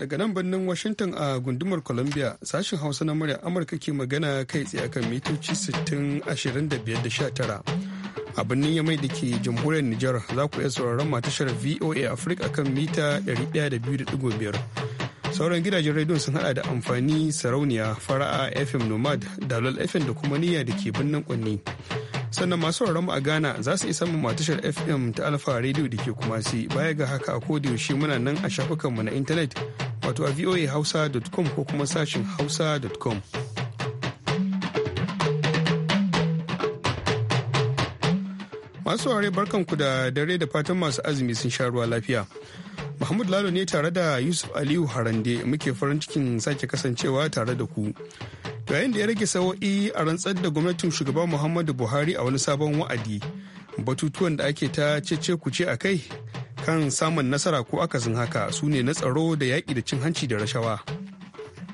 daga nan birnin washington a gundumar columbia sashen hausa na murya amurka ke magana kai tsaye akan mitoci 60 25 tara a birnin yamai da ke jamhuriyar nijar za ku iya sauraron matashar voa africa akan mita 102.5 sauran gidajen rediyon sun hada da amfani sarauniya fara'a fm nomad dalol fm da kuma niyya da ke birnin kwanni sannan masu mu a ghana za su isa mu tashar fm ta alfa radio da ke kumasi baya ga haka a yaushe muna nan a shafukanmu na intanet wato a hausa.com ko kuma sashin hausa.com. Masu ware barkanku da dare da fatan masu azumi sun sha ruwa lafiya. Mahmud Lalo ne tare da Yusuf Aliyu Harande muke farin cikin sake kasancewa tare da ku. Yayin da ya rage sawo'i a rantsar da gwamnatin Shugaba Muhammadu Buhari a wani sabon wa'adi, batutuwan da ake ta ku ce a kai kan samun nasara ko akasin haka su ne na tsaro da yaƙi da cin hanci da rashawa.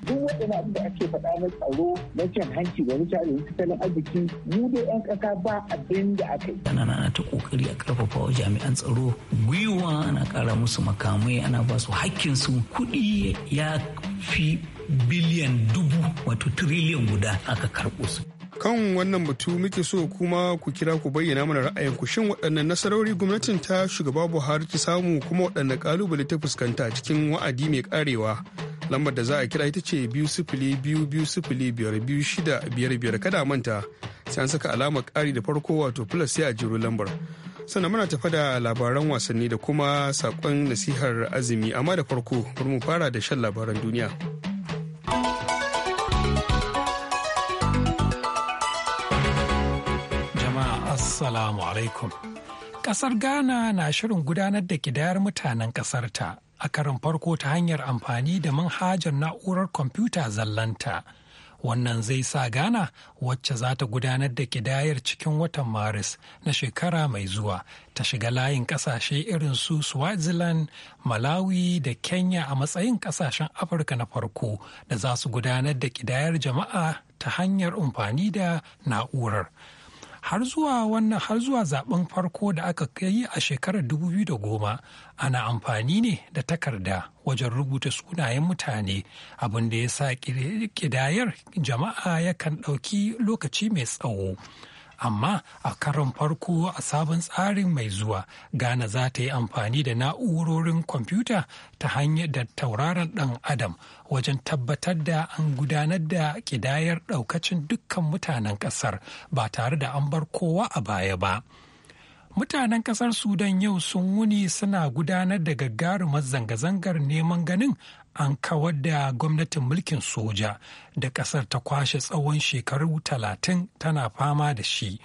duk waɗanda abin da ake faɗa na tsaro na cin hanci da wuce da tattalin arziki mu da 'yan ƙasa ba abin da aka yi. ana na ta ƙoƙari a ƙarfafa wa jami'an tsaro gwiwa ana ƙara musu makamai ana ba su hakkinsu kuɗi ya fi biliyan dubu wato tiriliyan guda aka karɓo su. kan wannan batu muke so kuma ku kira ku bayyana mana ra'ayin ku shin waɗannan nasarori gwamnatin ta shugaba buhari ta samu kuma waɗanne kalubale ta fuskanta cikin wa'adi mai karewa lambar da za a kira ita ce biyu sifili biyu biyu sifili biyar biyu shida biyar biyar kada manta sai an saka alamar ƙari da farko wato plus sai a jiro lambar sannan muna tafa da labaran wasanni da kuma saƙon nasihar azumi amma da farko bari mu fara da shan labaran duniya. Assalamu alaikum. Kasar Ghana na shirin gudanar da kidayar mutanen kasarta a karin farko ta hanyar amfani da manhajar na'urar kwamfuta zallanta. Wannan zai sa Ghana wacce za ta gudanar da kidayar cikin watan Maris na shekara mai zuwa ta shiga layin kasashe irin su Swaziland, Malawi da Kenya a matsayin kasashen Afirka na farko da za su gudanar da kidayar jama'a ta hanyar amfani da na'urar. har zuwa wannan har zuwa zaben farko da aka yi a shekarar 2010 ana amfani ne da takarda wajen rubuta sunayen mutane abin da ya sa kidayar jama'a yakan ɗauki lokaci mai tsawo amma a karon farko a sabon tsarin mai zuwa Gana za ta yi amfani da na'urorin kwamfuta ta hanyar da tauraron dan adam wajen tabbatar da an gudanar da kidayar daukacin dukkan mutanen kasar ba tare da an bar kowa a baya ba mutanen kasar sudan yau sun wuni suna gudanar da gagarumar zanga-zangar neman ganin an kawar da gwamnatin mulkin soja da ƙasar ta kwashe tsawon shekaru talatin tana fama da shi.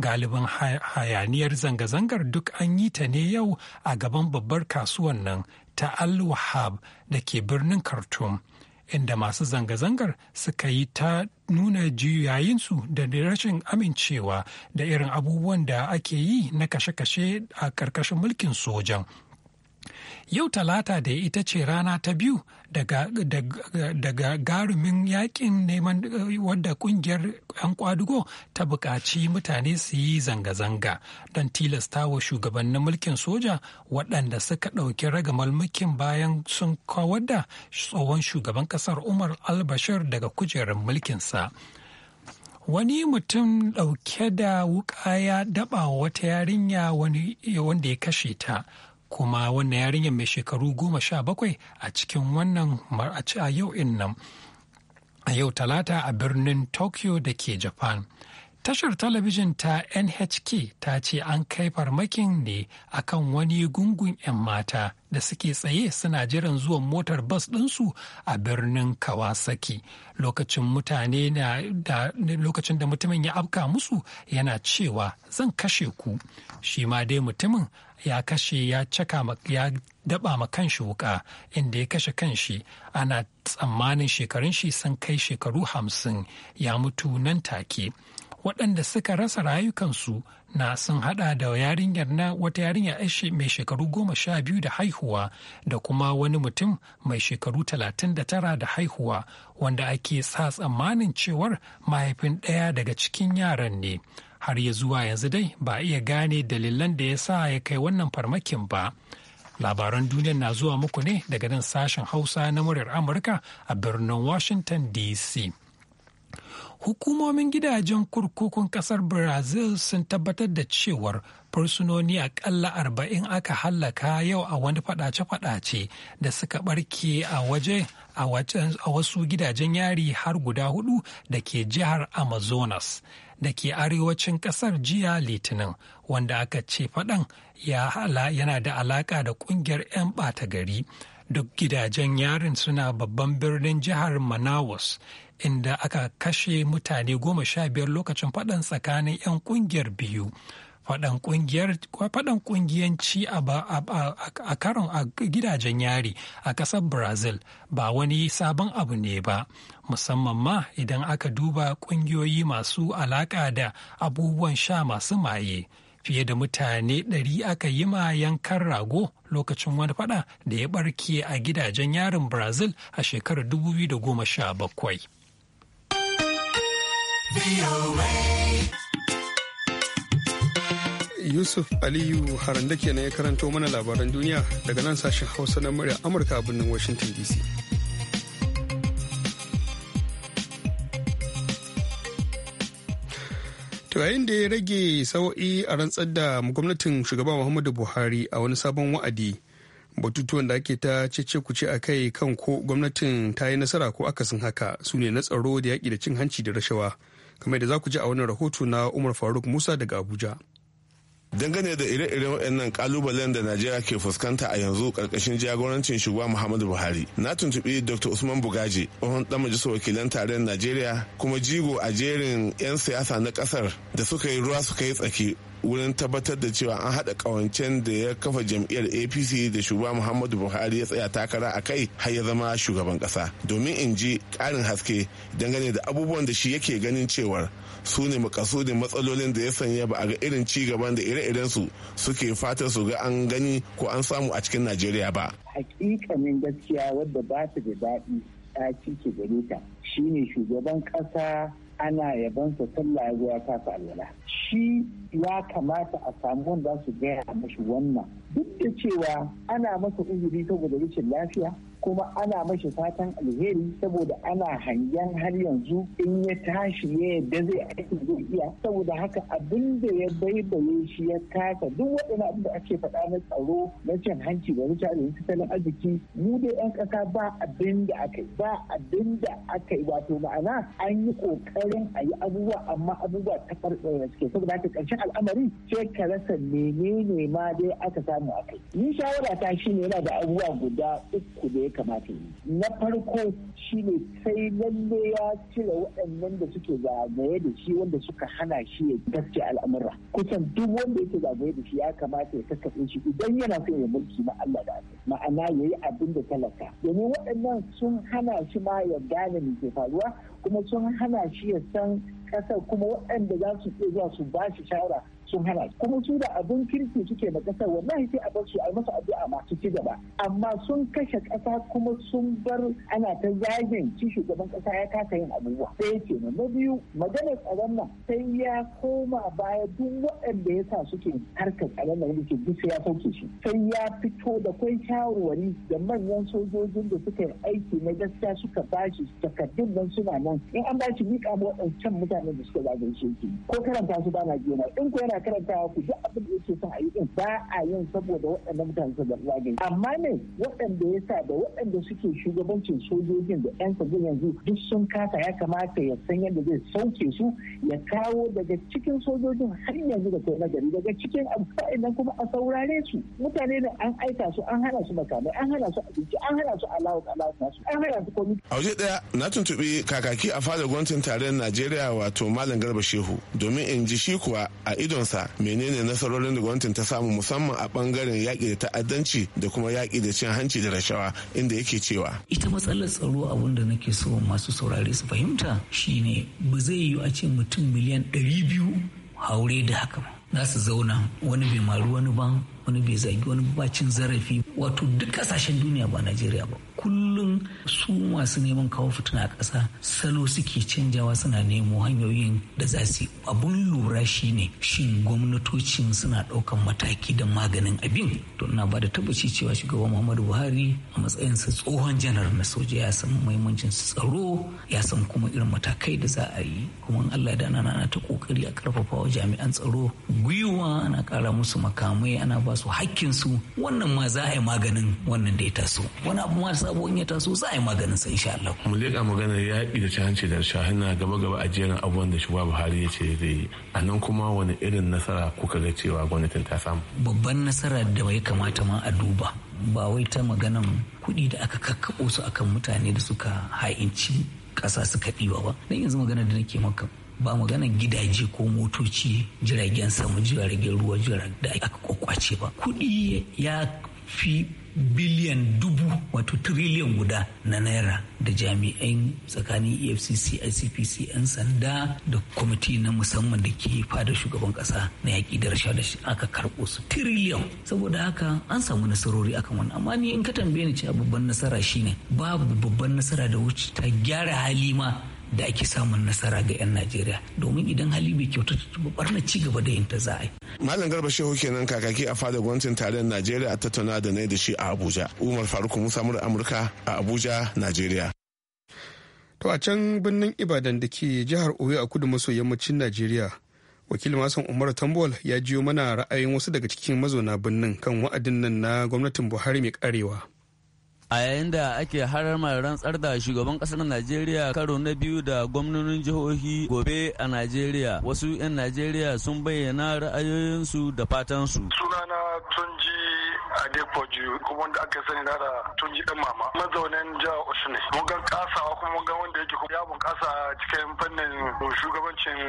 Galibin hayaniyar zanga-zangar duk an yi ta ne yau a gaban babbar kasuwan nan ta Al-Wahab da ke birnin Khartoum. inda masu zanga-zangar suka yi ta nuna juyayensu da rashin amincewa da irin abubuwan da ake yi na kashe-kashe a ƙarƙashin mulkin sojan yau talata da ita ce rana ta biyu daga garumin yakin neman wadda kungiyar 'yan kwadugo ta buƙaci mutane su yi zanga-zanga don tilasta wa shugabannin mulkin soja waɗanda suka ɗauki ragamar mulkin bayan sun kawar da tsohon shugaban ƙasar umar albashir daga kujerar mulkinsa wani mutum ɗauke da wuƙa ya daɓa wata yarinya wanda ya kashe ta kuma wannan yarinyar mai shekaru goma sha bakwai a cikin wannan mar'aci a yau nan a yau talata a birnin tokyo da ke japan Tashar talabijin ta NHK ta ce an kai farmakin ne akan wani gungun 'yan mata da suke tsaye suna jiran zuwan motar bas ɗinsu a birnin Kawasaki lokacin mutane da lokacin da mutumin ya afka musu yana cewa zan kashe ku shi ma dai mutumin ya kashe ya caka ya daba ma kanshi wuka inda ya kashe kanshi ana tsammanin shekarun shi sun kai shekaru hamsin ya mutu nan take waɗanda suka rasa rayukansu na sun hada da yarinyar na wata yarinya mai shekaru goma sha biyu da haihuwa da kuma wani mutum mai shekaru talatin da tara da haihuwa wanda ake sa tsammanin cewar mahaifin ɗaya daga cikin yaran ne har ya zuwa yanzu dai ba iya gane dalilan da ya sa ya kai wannan farmakin ba labaran duniya na zuwa muku ne daga nan sashen hausa na muryar amurka a birnin washington dc Hukumomin gidajen kurkukun kasar Brazil sun tabbatar da cewar fursunoni akalla arba'in aka hallaka yau a wani fadace-fadace da suka barke a waje a wasu gidajen yari har guda hudu da ke jihar Amazonas da ke arewacin kasar jiya Litinin wanda aka ce fadan yana da alaka da kungiyar 'yan ɓata gari. duk gidajen yarin suna babban birnin jihar manaus inda aka kashe mutane goma sha biyar lokacin faɗan tsakanin 'yan ƙungiyar biyu faɗan ƙungiyanci a karon a gidajen yari a ƙasar brazil ba wani sabon abu ne ba musamman ma idan aka duba ƙungiyoyi masu alaƙa da abubuwan sha masu maye fiye da mutane ɗari aka yi ma yankan rago lokacin wani fada da ya barke a gidajen yarin brazil a shekarar 2017 Yusuf Aliyu Haranda kenan ya karanto mana labaran duniya daga nan sashen Hausa na murya Amurka a birnin Washington DC. to yayin da ya rage sawa'i a rantsar da gwamnatin shugaba muhammadu buhari a wani sabon wa'adi batutuwan da ake ta cece kuce a kai kan ko gwamnatin ta yi nasara ko akasin haka su ne na tsaro da yaƙi da cin hanci da rashawa kamar da za ku ji a wani rahoto na umar faruk musa daga abuja dangane da ire ire waɗannan kalubalen da najeriya ke fuskanta a yanzu karkashin jagorancin shugaba muhammadu buhari na tuntuɓi dr usman bugaji tsohon ɗan majalisar wakilan tarayyar najeriya kuma jigo a jerin 'yan siyasa na kasar. da suka yi ruwa suka yi tsaki wurin tabbatar da cewa an haɗa ƙawancen da ya kafa jam'iyyar apc da shugaba muhammadu buhari ya tsaya takara a kai har ya zama shugaban ƙasa domin in ji ƙarin haske dangane da abubuwan da shi yake ganin cewar su ne makasudin matsalolin da ya sanya ba a ga irin ci gaban da ire-iren su suke fata su ga an gani ko an samu a cikin Najeriya ba. Hakikanin gaskiya wadda ba ta da daɗi ɗaci ke gare ta shine shugaban ƙasa ana sa sallah ya zuwa kafa alwala. Shi ya kamata a samu wanda su gaya mashi wannan duk da cewa ana masa uzuri saboda rashin lafiya kuma ana mashi fatan alheri saboda ana hangen har yanzu in ya tashi ya yadda zai aiki zai iya saboda haka abin da ya baibaye shi ya kasa duk waɗanda abin da ake faɗa na tsaro na cin hanci da wuce da tattalin arziki mu da yan ƙasa ba abin da aka yi ba abin da aka yi wato ma'ana an yi ƙoƙarin a yi abubuwa amma abubuwa ta da suke saboda haka ƙarshen al'amari sai ka rasa menene ma dai aka samu a kai Ni shawara ta shi ne yana da abubuwa guda uku da ya kamata yi na farko shi ne sai lalle ya cire waɗannan da suke zagaye da shi wanda suka hana shi ya gaske al'amura kusan duk wanda yake zagaye da shi ya kamata ya kakkaɓe shi idan yana son ya mulki na Allah da ma'ana ya yi abin da talaka domin waɗannan sun hana shi ma ya gane me ke faruwa kuma sun hana shi ya san ƙasar kuma waɗanda za su iya zuwa su ba shi shawara sun hana kuma su da abin kirki suke na kasar wallahi sai a bar su a masa a masu ci gaba amma sun kashe kasa kuma sun bar ana ta zagin ci shugaban kasa ya kasa yin abubuwa sai ce na biyu magana tsaron nan sai ya koma baya duk waɗanda ya sa suke harkar tsaron nan yake duk sai ya sauke shi sai ya fito da kwai shawarwari da manyan sojojin da suka yi aiki na gaskiya suka bashi takardun nan suna nan in an bashi mika waɗancan mutanen da suka zagaye shi ko karanta su ba na jena in ko yana ana karantawa ku duk abin da yake son a yi ba a yin saboda waɗannan mutane su zaɓi gani amma ne waɗanda ya sa da waɗanda suke shugabancin sojojin da 'yan sabbin yanzu duk sun kasa ya kamata ya san yadda zai sauke su ya kawo daga cikin sojojin har yanzu da kai nagari daga cikin abu nan kuma a saurare su mutane da an aika su an hana su makamai an hana su abinci an hana su alawar alawar nasu an hana su komi. a waje ɗaya na tuntuɓi kakaki a fadar gwamnatin tarayyar najeriya wato malam garba shehu domin in ji shi kuwa a idon ƙasa menene nasarorin da gwamnatin ta samu musamman a bangaren yaƙi da ta'addanci da kuma yaƙi da cin hanci da rashawa inda yake cewa ita matsalar tsaro abun da nake so masu saurare su fahimta shine ba zai yi a ce mutum miliyan ɗari biyu haure da haka za su zauna wani bai maru wani ba wani bai zagi wani bacin zarafi wato duk ƙasashen duniya ba najeriya ba kullum su masu neman kawo fitina a ƙasa salo suke canjawa suna nemo hanyoyin da za su abun lura shine shin gwamnatocin suna ɗaukan mataki da maganin abin to ina ba da tabbaci cewa shugaban muhammadu buhari a matsayinsa tsohon janar na soja ya san muhimmancin tsaro ya san kuma irin matakai da za a yi kuma allah da ana ta kokari a karfafa jami'an tsaro gwiwa ana kara musu makamai ana ba su hakkin su wannan ma za a yi maganin wannan da ya taso wani abu ma sabon ya taso za a yi maganin sa insha Allah mu leƙa magana yaƙi da cin hanci da shahina gaba gaba a jerin abubuwan da shugaba Buhari ya ce zai yi a nan kuma wani irin nasara kuka ga cewa gwamnatin ta samu babban nasara da bai kamata ma a duba ba wai ta maganan kuɗi da aka kakkaɓo su akan mutane da suka ha'inci ƙasa suka ɗiwa ba dan yanzu magana da nake maka ba maganar gidaje ko motoci jiragen sama jiragen ruwa jiragen da aka kwakwace ba kuɗi ya fi biliyan dubu wato tiriliyan guda na naira da jami'ai tsakanin efcc icpc 'yan sanda da kwamiti na musamman da ke fada shugaban kasa na yaƙi da rashawa da aka karɓo su tiriliyan saboda haka an samu nasarori akan wani amma ni in ka tambaye ni cewa babban nasara shine babu babban nasara da wuce ta gyara hali ma da ake samun nasara ga 'yan najeriya domin idan hali bai kyauta barna ci cigaba da yin ta za a yi malam garba shehu kenan kakaki a fadar gwamnatin tarayyar najeriya a tattauna da na da shi a abuja umar faruk musa amurka a abuja najeriya to a can birnin ibadan da ke jihar oyo a kudu maso yammacin najeriya wakil masan umar tambol ya jiyo mana ra'ayin wasu daga cikin mazauna birnin kan wa'adin nan na gwamnatin buhari mai karewa a yayin da ake haramar rantsar da shugaban kasar najeriya karo na biyu da gwamnonin jihohi gobe a najeriya wasu 'yan najeriya sun bayyana ra'ayoyinsu da fatansu sunana tunji Adepoju kuma wanda aka sani da tun ji dan mama mazaunin jihar Osun mun ga kasawa kuma mun ga wanda yake ya bunkasa cikin fannin shugabancin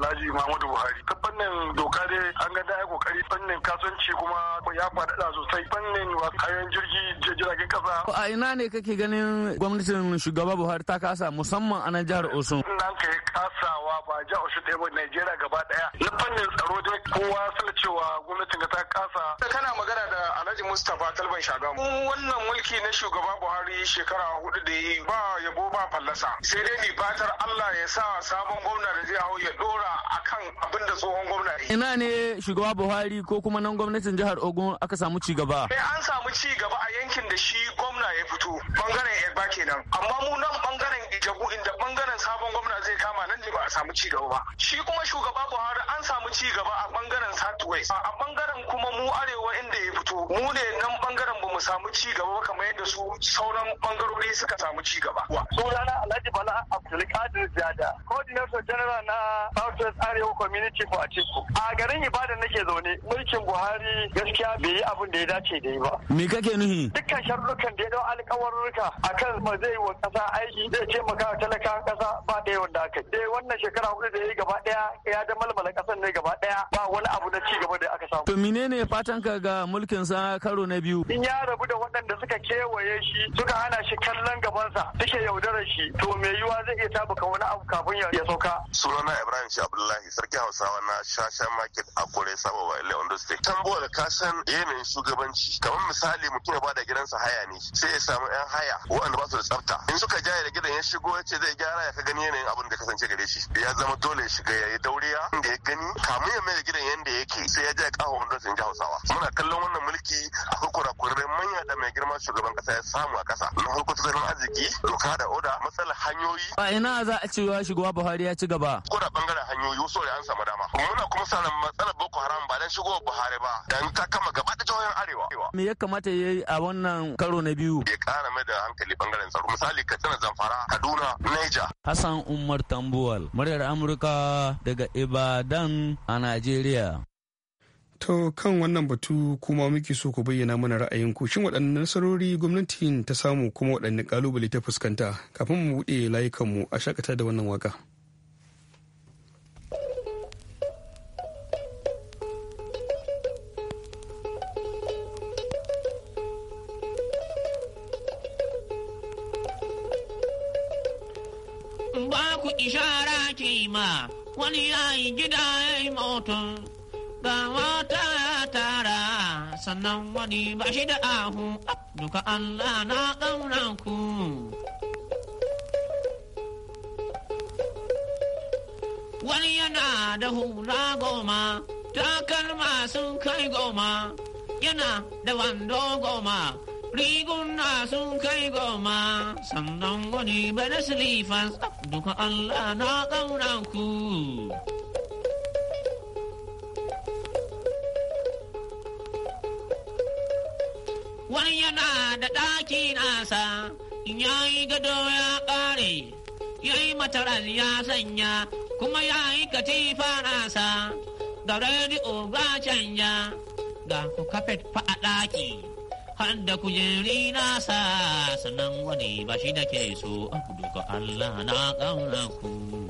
Alhaji Muhammadu Buhari ta fannin doka dai an ga da kokari fannin kasuwanci kuma ya faɗaɗa sosai fannin kayan jirgi jiragen kasa a ina ne kake ganin gwamnatin shugaba Buhari ta kasa musamman a nan jihar Osun nan kai kasawa ba jihar Osun ɗaya ba Najeriya gaba daya. na fannin tsaro dai kowa suna cewa gwamnatin ta kasa kana magana da Alhaji Mustapha Kalban Shagamu. Wannan mulki na shugaba Buhari shekara hudu da yi ba yabo ba fallasa. Sai dai ni fatar Allah ya sa sabon gwamna da zai hau ya dora akan abin da tsohon gwamna ya Ina ne shugaba Buhari ko kuma nan gwamnatin jihar Ogun aka samu ci gaba? Eh an samu ci gaba a yankin da shi gwamna ya fito bangaren ba kenan. Amma mu nan bangaren Ijabu inda bangaren sabon gwamna zai kama nan ne ba a samu ci gaba ba. Shi kuma shugaba Buhari an samu ci gaba a bangaren Southwest. A bangaren kuma mu arewa inda ya fito mu ne ne nan bangaren ba mu samu ci gaba ba kamar yadda su sauran bangarori suka samu ci gaba. Sunana Alhaji Bala Abdulkadir Jada, Coordinator General na Southwest Arewa Community for Atiku. A garin Ibadan nake zaune, mulkin Buhari gaskiya bai yi abin da ya dace da ba. Me kake nuhi? Dukkan sharrukan da ya dau alkawarruka akan ba zai wa ƙasa aiki zai taimaka wa talakawan ƙasa ba da yawan da aka. Dai eh, wannan shekara hudu da ya yi gaba daya ya da malmala ƙasar ne gaba daya ba wani abu na ci gaba da aka samu. To menene fatanka ga mulkin sa karo na biyu in ya rabu da waɗanda suka kewaye shi suka hana shi kallon gabansa suke yaudarar shi to mai yiwa zai iya tabuka wani abu kafin ya sauka sunana ibrahim shi abdullahi sarki hausawa na Shasha market a kore sabo wa ile ondo state tambo da kasan yanayin eh, shugabanci kamar misali mutum ya ba bada gidansa haya ne sai ya samu yan haya waɗanda ba su da tsafta in suka jaye da gidan ya shigo ya ce zai gyara ya ka gani yanayin abin da kasance gare shi ya zama dole ya shiga ya yi dauriya inda ya gani kamun ya mai da gidan yanda yake sai ya ya kawo ondo state hausawa muna kallon wannan mulki akwai kurakurai manya da mai girma shugaban kasa ya samu a kasa na farko tattalin arziki doka da oda matsalar hanyoyi a ina za a cewa shugaba buhari ya ci gaba ko da bangaren hanyoyi wasu an samu dama muna kuma sa matsalar boko haram ba dan shigo buhari ba dan ta kama gaba da jihohin arewa me ya kamata ya yi a wannan karo na biyu ya kara mai da hankali bangaren tsaro misali katsina zamfara kaduna niger hassan umar tambuwal muryar amurka daga ibadan a najeriya to kan wannan batu kuma muke so ku bayyana mana ra'ayin ku shin waɗannan nasarori gwamnatin ta samu kuma waɗanne kalubale ta fuskanta kafin mu buɗe layukanmu a shakata da wannan waka. Ba ku ishara ke ma wani yayi gida ya yi motar. ga mata tara sannan wani ba shi da ahu duka Allah na ƙauna ku. Wani yana da hula goma, takalma sun kai goma, yana da wando goma, riguna sun kai goma, sannan wani ba da silifan duka Allah na ƙauna ku. wani yana da ɗaki nasa ya yi gado ya ƙare yayi yi mataran ya sanya kuma yayi katifa nasa ga rediyo ga canja ga ku kafet fa a ɗaki har da kujeri nasa sannan wani bashi da ke so a duka Allah na ƙaunar ku.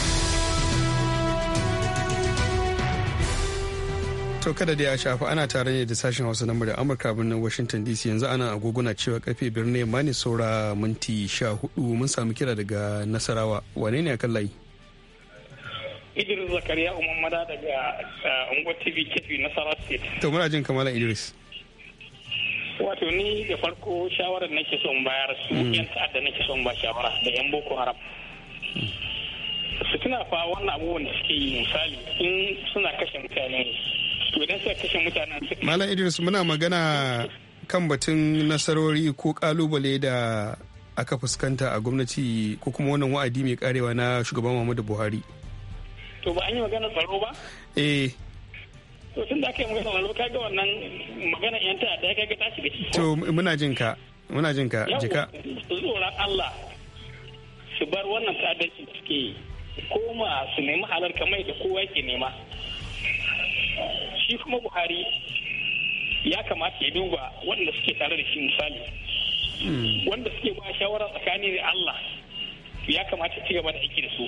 To kada da ya shafa ana tare ne da sashen Hausa na murya Amurka birnin Washington DC yanzu ana agoguna cewa karfe birnin Mani saura minti sha hudu mun samu kira daga Nasarawa wane ne akan layi? Idris Zakariya mada daga uh, Ungo TV Kefi Nasarawa State. To muna jin kamala Idris. Wato ni da farko shawarar nake son bayar su hmm. yan ta'adda nake son ba shawara da yan Boko Haram. Su tuna fa wannan abubuwan da suke yi misali in suna kashe mutane ne Malam Idris muna magana kan batun nasarori ko kalubale da aka fuskanta a gwamnati ko kuma wannan wa'adi mai karewa na shugaban Muhammadu Buhari. To ba an yi magana tsaro ba? Eh. To tun da aka yi magana tsaro kaga wannan magana yan ta da kaga ta shiga ciki. To muna jin ka. Muna jin ka. Jika. Tsoron Allah su bar wannan tsadanci suke koma su nemi halar kamar da kowa ke nema. shi kuma buhari ya kamata ya duba wanda suke tare da shi misali wanda suke ba shawara tsakani da allah ya kamata ci gaba da aiki da su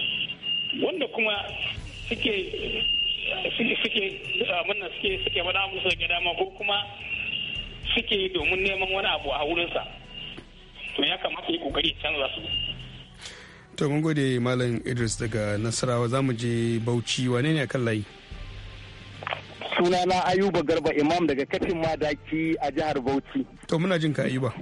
wanda kuma suke suke suke wannan suke suke da musu daga dama ko kuma suke yi domin neman wani abu a wurinsa to ya kamata yi kokari canza su to mun gode malam idris daga nasarawa zamu je bauchi wane ne akan layi na ayuba garba imam daga kafin madaki a jihar bauchi to muna jin ka ayuba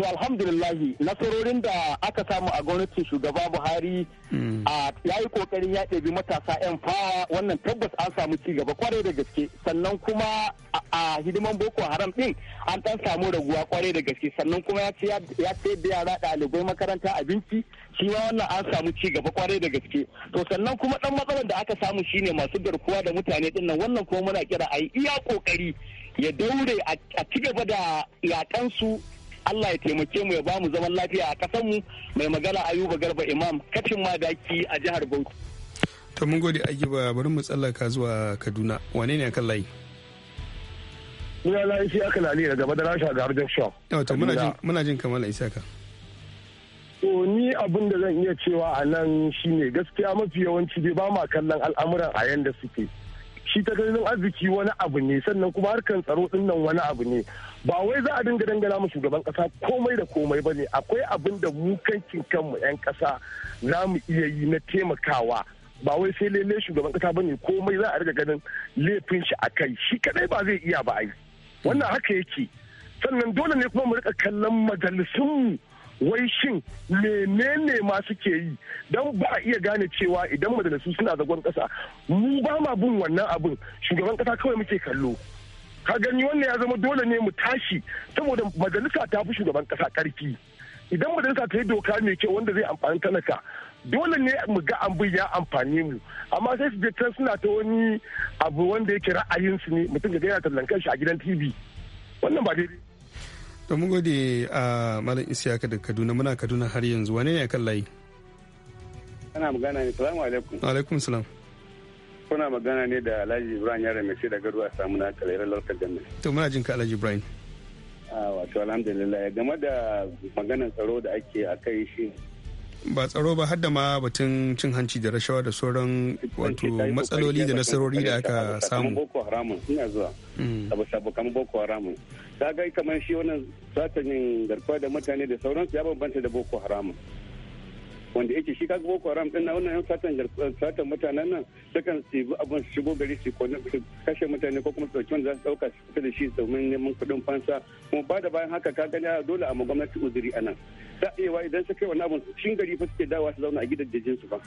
To alhamdulillahi nasarorin da aka samu a gwamnatin shugaba Buhari hmm. a ya yi kokarin ya ɗabi matasa 'yan fawa wannan tabbas an samu ci gaba kwarai da gaske sannan kuma a hidiman Boko Haram ɗin an ɗan samu raguwa kwarai da gaske sannan kuma ya ce ya ce da yara ɗalibai makaranta abinci shi ma wannan an samu ci gaba kwarai da gaske to sannan kuma ɗan matsalar da aka samu shine masu garkuwa da mutane ɗin nan wannan kuma muna kira a yi iya kokari ya daure a ci gaba da yaƙansu Allah ya taimake mu ya ba mu zaman lafiya a ƙasar mu mai magana Ayuba Garba Imam kafin madaki a jihar Bauchi. To mun gode Ajiba bari mu tsallaka zuwa Kaduna wane ne akan layi? Muna layi sai aka lali daga Madarasha ga Arjan Shaw. Wato muna jin kamar Isaka. To ni abin da zan iya cewa a nan shine gaskiya mafi yawanci dai ba ma kallon al'amuran a yanda suke. shi tattalin arziki wani abu ne sannan kuma harkar tsaro din nan wani abu ne ba wai za a dinga dangana mu shugaban kasa komai da komai ba ne akwai abin da mu kankin kanmu 'yan kasa za mu iya yi na taimakawa ba wai sai lele shugaban kasa ba ne komai za a riga ganin laifin shi a kai shi kadai ba zai iya ba ai wannan haka yake sannan dole ne kuma mu rika kallon majalisunmu wai shin menene ma suke yi don ba a iya gane cewa idan majalisu suna zagon kasa mu ba ma bin wannan abin shugaban kasa kawai muke kallo ka gani wannan ya zama dole ne mu tashi saboda majalisa ta fi shugaban kasa karfi idan majalisa ta yi doka mai kyau wanda zai amfani talaka dole ne mu ga an ya amfani mu amma sai su je can suna ta wani abu wanda yake ra'ayinsu ne mutum ga yana tallan shi a gidan tv wannan ba daidai to mun gode a malam isiyaka da kaduna muna kaduna har yanzu wane ne akan layi ana magana ne salamu alaikum alaikum salam kuna magana ne da alhaji ibrahim yara mai sai da a samu na kalairar larkar jami'a to muna jin ka alhaji ibrahim wato alhamdulillah game da maganar tsaro da ake a kai shi ba tsaro ba hadda ma batun cin hanci da rashawa da sauran wato matsaloli da nasarori da aka samu boko haramun ina zuwa mm. boko ta ga kamar shi wannan yin garkuwa da mutane da sauransu ya bambanta da boko haramun wanda yake shi kaga boko haram din na wannan yan satan eh, satan mutanen nan sukan tsibi abun su shigo gari su kashe mutane ko kuma su dauki wanda za su dauka su fita da shi domin neman kuɗin fansa kuma ba da bayan haka ka gani dole a ma gwamnati uzuri anan da idan suka yi wani abun shin gari fa suke dawa su zauna a gidajen su ba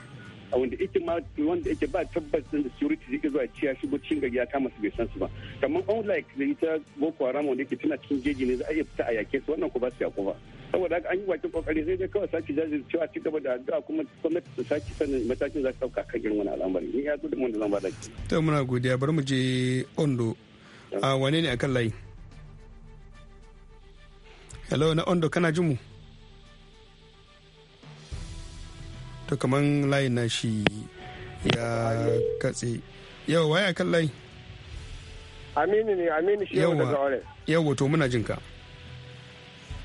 a wanda ita ma wanda yake ba tabbas din da security zai zuwa ciya shigo cin gari ya kama su bai san su ba kamar unlike da ita boko haram wanda yake tana cikin jeji ne za a iya fita a yake su wannan ko ba su ya ba saboda an yi wakin kokari sai dai kawai sake cewa ci gaba da addu'a kuma gwamnati ta sake sanin matakin za ta dauka kan irin wani al'amari ni ya zo da mun zan ba da ki to muna godiya bari mu je ondo a wane ne akan layi hello na ondo kana jin mu to kaman layin na shi ya katse yau waya kan layi aminu ne aminu shi yau daga ore yau wato muna jin ka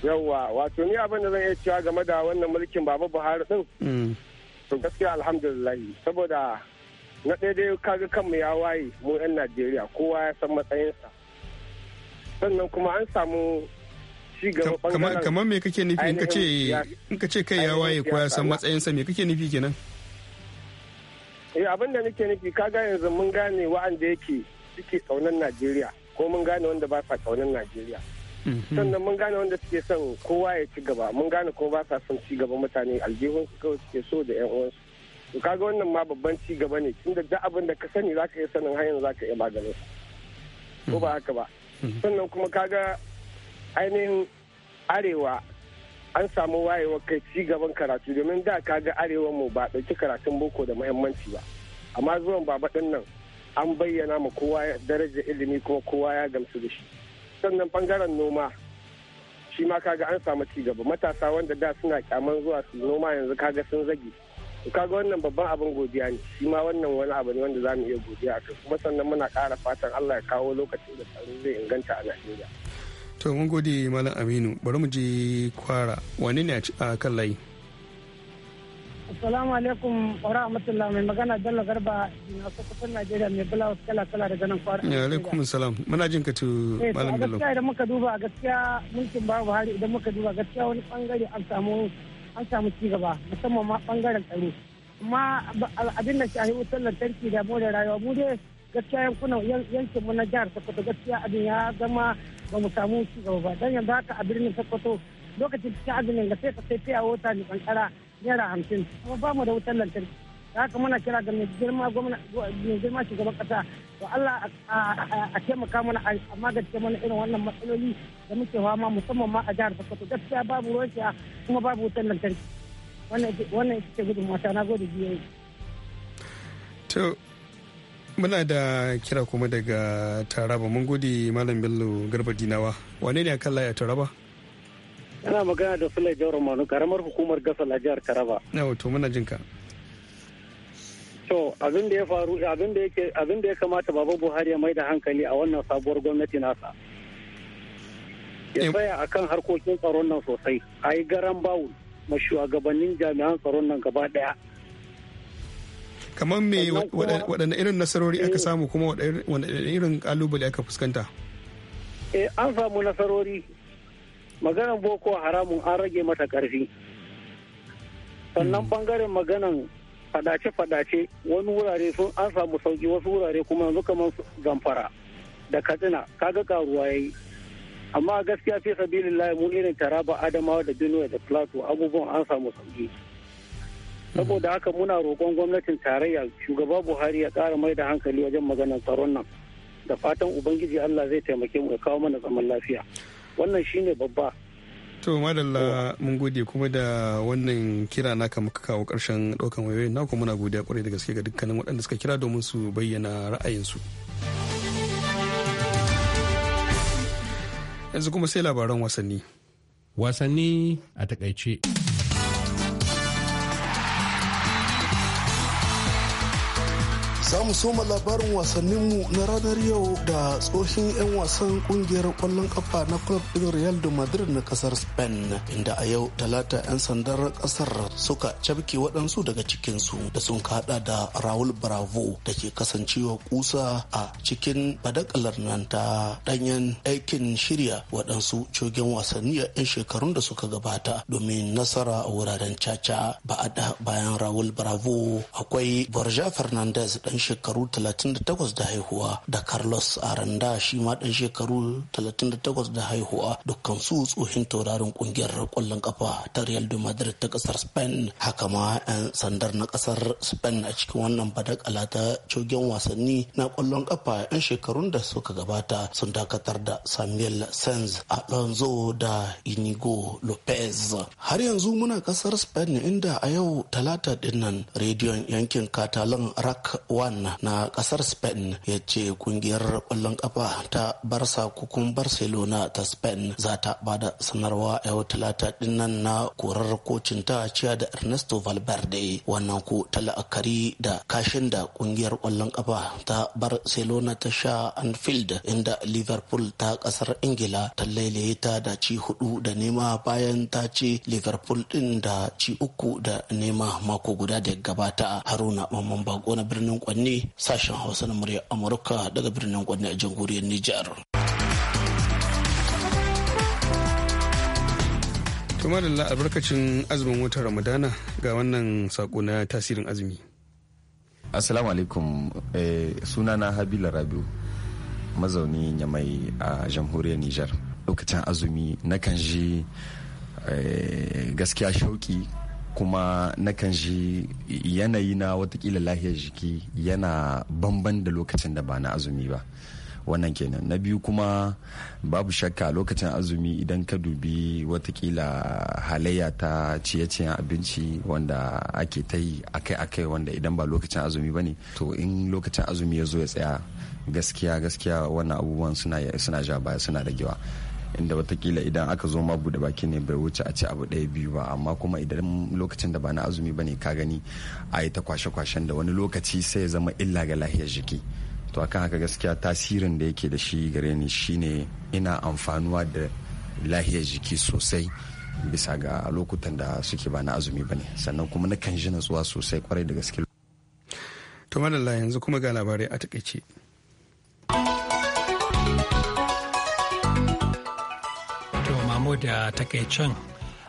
yawa wato ni abin da zan iya cewa game da wannan mulkin baba buhari din mm. to gaskiya alhamdulillah saboda na ɗaya dai kaga kanmu ya waye mu 'yan najeriya kowa ya san matsayinsa sannan kuma an samu kamar me kake nufi in in kace kai ya waye ko ya san sa me kake nufi kenan eh abin da nake nufi kaga yanzu mun gane wa'anda yake suke tsaunan Najeriya ko mun gane wanda ba sa tsaunan Najeriya mhm. sannan mun gane wanda suke son kowa ya ci gaba mun gane ko ba sa son ci gaba mutane aljihun su kawai suke so da yan uwansu to kaga wannan ma babban ci gaba ne tunda duk abin da ka sani zaka yi sanin hanyar zaka iya maganin ko ba mhm. haka ba mhm. sannan kuma kaga ainihin arewa an samu wayewar kai ci gaban karatu domin da ka ga arewa mu ba ɗauki karatun boko da muhimmanci ba amma zuwan baba ɗin nan an bayyana ma kowa daraja ilimi kuma kowa ya gamsu da shi sannan bangaren noma shi ma kaga an samu ci gaba matasa wanda da suna kyaman zuwa su noma yanzu kaga sun zage to kaga wannan babban abin godiya ne shi ma wannan wani abu ne wanda zamu iya godiya a kai kuma sannan muna ƙara fatan Allah ya kawo lokacin da tsaro zai inganta a Najeriya. to mun gode malam aminu bari mu je kwara wani ne a kan layi Assalamu alaikum wa rahmatullah mai magana Bello Garba na Sokoton Najeriya mai bula wasu kala kala daga nan kwara. Ya alaikum salam muna jin ka tu eh, malam Bello. Gaskiya idan muka duba gaskiya mulkin ba Buhari idan muka duba gaskiya wani bangare an samu an samu ci gaba musamman ma bangaren tsaro. Amma abin da shahi wutar lantarki da da rayuwa mu dai gaskiya yankunan yankin mu na jihar Sokoto gaskiya abin ya zama ba mu samu ci gaba ba dan yanzu haka a birnin Sokoto lokacin cikin azumin da sai ka sai fiya wata ne kankara naira hamsin kuma ba mu da wutar lantarki da haka muna kira ga mai girma girma shugaban kasa to Allah a taimaka mana a magance mana irin wannan matsaloli da muke fama musamman ma a jihar Sokoto gaskiya babu ruwan sha kuma babu wutar lantarki wannan wannan ita ce mata na gode biyayi. muna da kira kuma daga taraba mun gode malam bello garba dinawa wane ne akan laye a taraba ana magana da fulai jawar manu karamar hukumar gasa a jihar taraba na wato muna jinka to abin da ya faru abin ya kamata baba buhari ya mai da hankali a wannan sabuwar gwamnati nasa ya tsaya a kan harkokin tsaron nan sosai a yi garan bawul ma shugabannin jami'an tsaron nan gaba daya kamar me waɗanne irin nasarori aka eh. samu kuma waɗanne irin kalubale aka fuskanta eh an samu nasarori maganan boko haramun an rage mata ƙarfi sannan bangaren hmm. maganan fadace-fadace wani wurare sun an samu sauki wasu wurare kuma yanzu kamar zamfara da katsina kaga karuwa yayi amma gaskiya fi sabilillahi mu irin taraba adamawa da benue da plateau abubuwan an samu sauki saboda haka muna roƙon gwamnatin tarayya shugaba buhari ya ƙara mai da hankali wajen maganar tsaron nan da fatan ubangiji allah zai taimake mu ya kawo mana zaman lafiya wannan shine babba to madalla mun gode kuma da wannan kira naka ka kawo karshen ɗaukan wayoyin naku muna godiya kwarai da gaske ga dukkanin waɗanda suka kira domin su bayyana ra'ayinsu yanzu kuma sai labaran wasanni wasanni a takaice Za soma labarin wasanninmu na ranar yau da tsohin 'yan wasan kungiyar kwallon kafa na club din Real de Madrid na kasar Spain inda a yau talata 'yan sandar kasar suka cafke waɗansu daga cikinsu da sun kada da Raul Bravo da ke kasancewa kusa a cikin badakalar nan ta ɗanyen aikin shirya waɗansu cogen wasanni a 'yan shekarun da suka gabata domin nasara a wuraren caca ba a da bayan Raul Bravo akwai Borja Fernandez ɗan dan shekaru 38 da haihuwa da Carlos Aranda shi ma dan shekaru 38 da haihuwa dukkan su tsohin taurarin kungiyar kwallon kafa ta Real de Madrid ta kasar Spain haka ma 'yan sandar na kasar Spain a cikin wannan badakala ta cogen wasanni na kwallon kafa 'yan shekarun da suka gabata sun dakatar da Samuel Sanz Alonso da Inigo Lopez. Har yanzu muna kasar Spain inda a yau talata dinnan rediyon yankin Katalan Rak Juan na kasar Spain ya ce kungiyar kwallon kafa ta Barca ko kuma Barcelona ta Spain za ta bada sanarwa yau talata dinnan na korar kocin ta ciya da Ernesto Valverde wannan ko ta la'akari da kashin da kungiyar kwallon kafa ta Barcelona ta sha Anfield inda Liverpool ta kasar Ingila ta lailaye ta da ci hudu da nema bayan ta ce Liverpool din da ci uku da nema mako guda da gabata Haruna Mamman Bago na birnin Kwani Kwanni sashen Hausa na murya Amurka daga birnin Kwanni a jamhuriyar Nijar. kuma da albarkacin azumin watan Ramadana ga wannan sako na tasirin azumi. Assalamu alaikum suna eh, sunana Habila Rabiu mazauni Nyamai a jamhuriyar Nijar. Lokacin azumi nakan ji eh, gaskiya shauki kuma nakan shi yanayi na watakila lahiyar jiki yana bamban da lokacin da ba na azumi ba wannan kenan na biyu kuma babu shakka lokacin azumi idan ka dubi watakila halayya ta ciye-ciyen abinci wanda ake ta yi akai-akai wanda idan ba lokacin azumi ba ne to in lokacin azumi ya zo ya tsaya gaskiya gaskiya wannan abubuwan suna ja baya suna da giwa inda watakila idan aka zo ma bude baki ne bai wuce a ce abu ɗaya biyu ba amma kuma idan lokacin da ba na azumi ba ne ka gani a yi ta kwashe-kwashen da wani lokaci sai ya zama illa ga lahiyar jiki to akan haka gaskiya tasirin da yake da shi gare ni shine ina amfanuwa da lahiyar jiki sosai bisa ga lokutan da suke ba na azumi ba ne sannan kuma nakan ji natsuwa sosai kwarai da gaske. to yanzu kuma ga labarai a takaice. mu da takaicen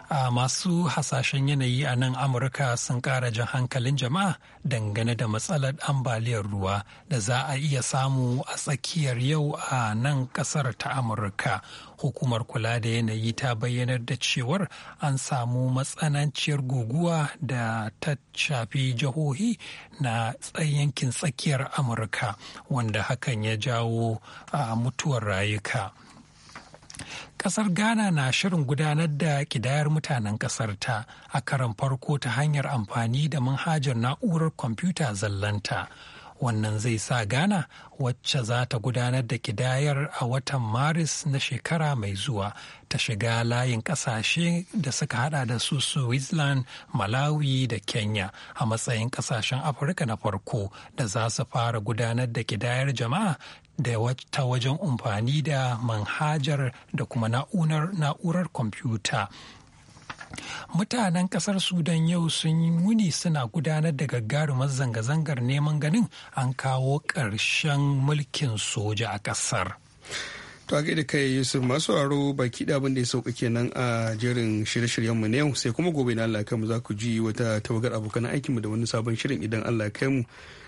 a masu hasashen yanayi a nan amurka sun kara jan hankalin jama'a dangane da matsalar ambaliyar ruwa da za a iya samu a tsakiyar yau a nan kasar ta amurka hukumar kula da yanayi ta bayyanar da cewar an samu matsananciyar guguwa da ta shafi jihohi na yankin tsakiyar amurka wanda hakan ya jawo a mutuwar rayuka. Kasar Ghana na shirin gudanar da kidayar mutanen kasar ta a karan farko ta hanyar amfani da manhajar na'urar kwamfuta zallanta. Wannan zai sa Ghana wacce za ta gudanar da kidayar a watan Maris na shekara mai zuwa ta shiga layin kasashe da suka hada da su Switzerland, Malawi da Kenya a matsayin kasashen Afirka na farko da za su fara gudanar da kidayar jama'a da ta wajen amfani da manhajar da kuma na'urar kwamfuta. Mutanen kasar Sudan yau sun yi wuni suna gudanar da gagarumar zanga-zangar neman ganin an kawo ƙarshen mulkin soja a kasar. To a da kai Yusuf masu aro baki da abin da ya sauka kenan a jerin shirye-shiryenmu ne yau sai kuma gobe na Allah mu za ku ji wata tawagar abokan aikinmu da wani sabon shirin idan Allah mu.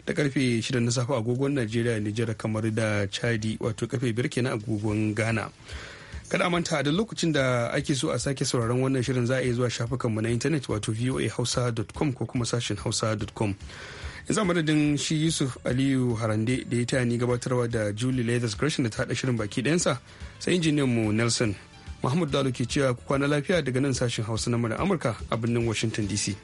da karfe 6 na safe agogon najeriya nijar kamar da chadi wato karfe 5 kenan agogon ghana kada manta da lokacin da ake so a sake sauraron wannan shirin za a iya zuwa shafukanmu na intanet wato voahausa.com ko kuma sashen hausa.com yanzu madadin shi yusuf aliyu harande da ya taya ni gabatarwa da julie leathers gresham da ta haɗa shirin baki ɗayansa sai injiniyan mu nelson muhammadu dalo ke cewa kwana lafiya daga nan sashen hausa na amurka a birnin washington dc